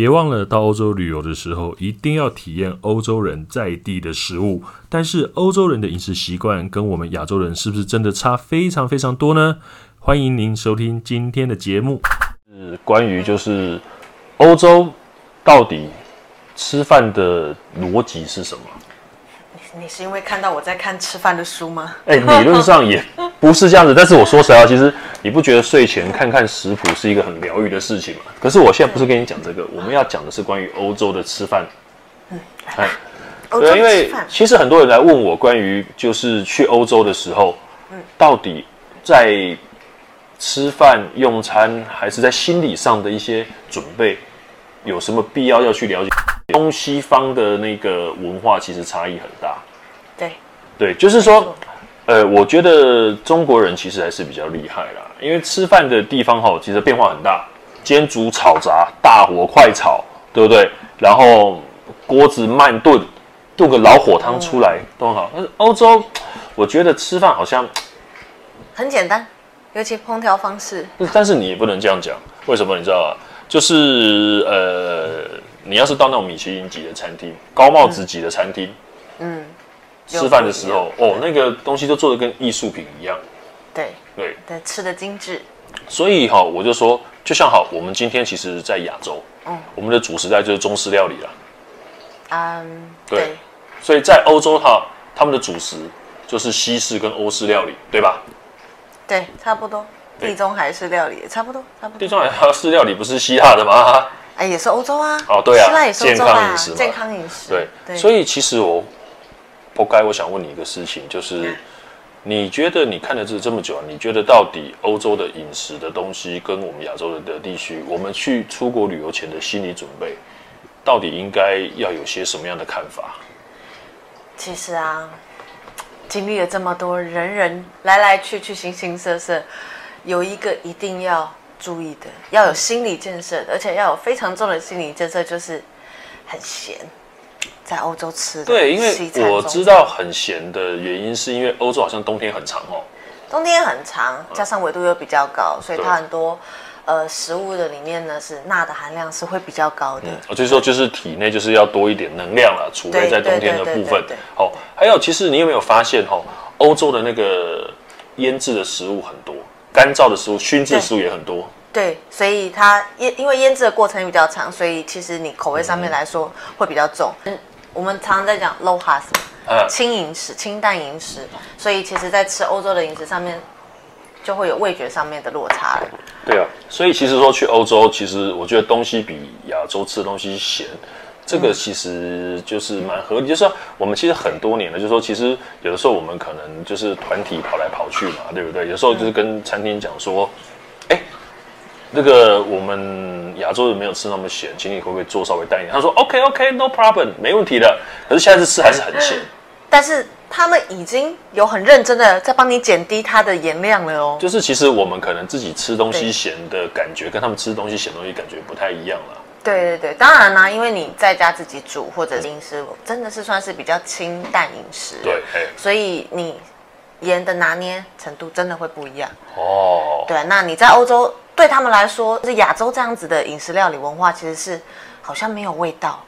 別忘了到歐洲旅遊的時候，一定要體驗歐洲人在地的食物。但是，歐洲人的飲食習慣跟我們亞洲人是不是真的差非常非常多呢？歡迎您收聽今天的節目，是關於就是歐洲到底吃飯的邏輯是什麼？你你是因為看到我在看吃飯的書嗎？誒、哎，理論上也不是這樣子，但是我說實話，其實。你不覺得睡前看看食譜是一個很療癒的事情嗎？可是我現在不是跟你講這個，嗯、我們要講的是關於歐洲的吃飯。嗯，哎、對，因為其實很多人來問我關於就是去歐洲的時候，嗯，到底在吃飯用餐還是在心理上的一些準備，有什麼必要要去了解？東西方的那個文化其實差異很大。對，對，就是說，沒錯。呃，我覺得中國人其實還是比較厲害啦。因為吃飯的地方哈，其實變化很大，煎煮炒炸、大火快炒，對不對？然後鍋子慢燉，燉個老火湯出來都很好。但是歐洲，我覺得吃飯好像很簡單，尤其烹調方式。但是你也不能這樣講，為什麼？你知道嗎、啊？就是呃，你要是到那種米其林級的餐廳、高帽子級的餐廳，嗯，吃飯的時候，嗯、哦，那個東西就做得跟藝術品一樣。對對對，吃的精緻。所以哈，我就說，就像好，我們今天其實，在亞洲，嗯，我們的主食在就是中式料理了。嗯，對。所以在歐洲哈，他們的主食就是西式跟歐式料理，對吧？對，差不多。地中海式料理也差不多，差不多。地中海式料理不是希臘的嗎？哎，也是歐洲啊。哦，對啊。希臘也是歐洲吧？健康飲食。對。所以其實我，不該我想問你一個事情，就是。你覺得你看了這、這麼久啊？你覺得到底歐洲的飲食的東西跟我們亞洲人的地區，我們去出國旅遊前的心理準備，到底應該要有些什麼樣的看法？其實啊，經歷了這麼多，人人來來去去，形形色色，有一個一定要注意的，要有心理建設，而且要有非常重的心理建設，就是很鹹。在歐洲吃的對，因為我知道很鹹的原因，是因為歐洲好像冬天很長哦。冬天很長，加上緯度又比較高，嗯、所以它很多對呃食物的裡面呢是鈉的含量是會比較高的。所以、嗯、說就是體內就是要多一點能量了，儲備在冬天的部分。好、哦，還有其實你有沒有發現哈、哦，歐洲的那個醃制的食物很多，乾燥的食物、燻制的食物也很多。對，對，所以它醃因為醃制的過程又比較長，所以其實你口味上面來說會比較重。嗯。我們常常在講 Lohas，嗯，輕飲食、嗯、清淡飲食，所以其實，在吃歐洲的飲食上面，就會有味覺上面的落差。對啊，所以其實說去歐洲，其實我覺得東西比亞洲吃的東西鹹，這個其實就是蠻合理。嗯、就是我們其實很多年了，就是說，其實有的時候我們可能就是團體跑來跑去嘛，對不對？有時候就是跟餐廳講說。那個我們亞洲人沒有吃那麼鹹，請你會不會做稍微淡一點？他說 OK OK no problem，沒問題的。可是下次吃還是很鹹，但是他們已經有很認真的在幫你減低它的鹽量了哦。就是其實我們可能自己吃東西鹹的感覺，對跟他們吃東西鹹東西感覺不太一樣了。對對對，當然呢、啊，因為你在家自己煮或者零食，嗯、真的是算是比較清淡飲食，對，所以你鹽的拿捏程度真的會不一樣哦。對、啊，那你在歐洲？對他們來說，是亞洲這樣子的飲食料理文化，其實是好像沒有味道，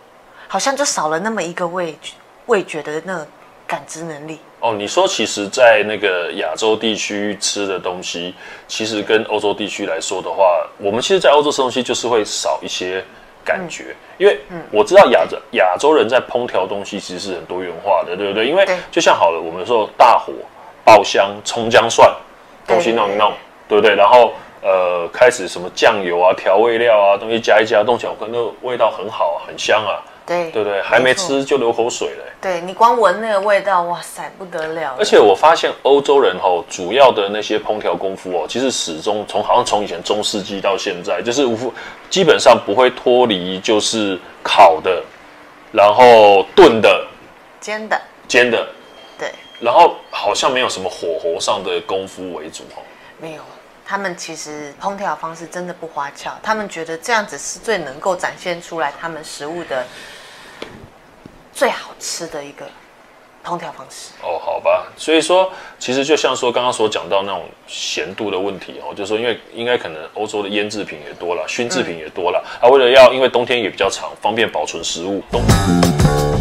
好像就少了那麼一個味覺味覺的那個感知能力。哦，你說，其實，在那個亞洲地區吃的東西，其實跟歐洲地區來說的話，我們其實，在歐洲吃東西就是會少一些感覺，嗯、因為我知道亞洲、嗯、亞洲人在烹調東西其實是很多元化的，對不對？因為就像好了，我們說大火爆香蔥薑蒜，東西弄一弄，對，對，對不對？然後。呃，開始什麼醬油啊、調味料啊東西加一加，弄起來我覺得那個味道很好啊，很香啊。對對對，還沒吃就流口水嘞、欸。對，你光聞那個味道，哇塞，不得了，了。而且我發現歐洲人吼、哦，主要的那些烹調功夫哦，其實始終從好像從以前中世紀到現在，就是無非基本上不會脫離就是烤的，然後燉的，煎的，煎的，對。然後好像沒有什麼火候上的功夫為主吼、哦。沒有。他們其實烹調方式真的不花俏，他們覺得這樣子是最能夠展現出來他們食物的最好吃的一個烹調方式。哦，好吧，所以說其實就像說剛剛所講到那種鹹度的問題哦，就是說因為應該可能歐洲的醃製品也多了，燻製品也多了，嗯、啊，為了要因為冬天也比較長，方便保存食物。冬天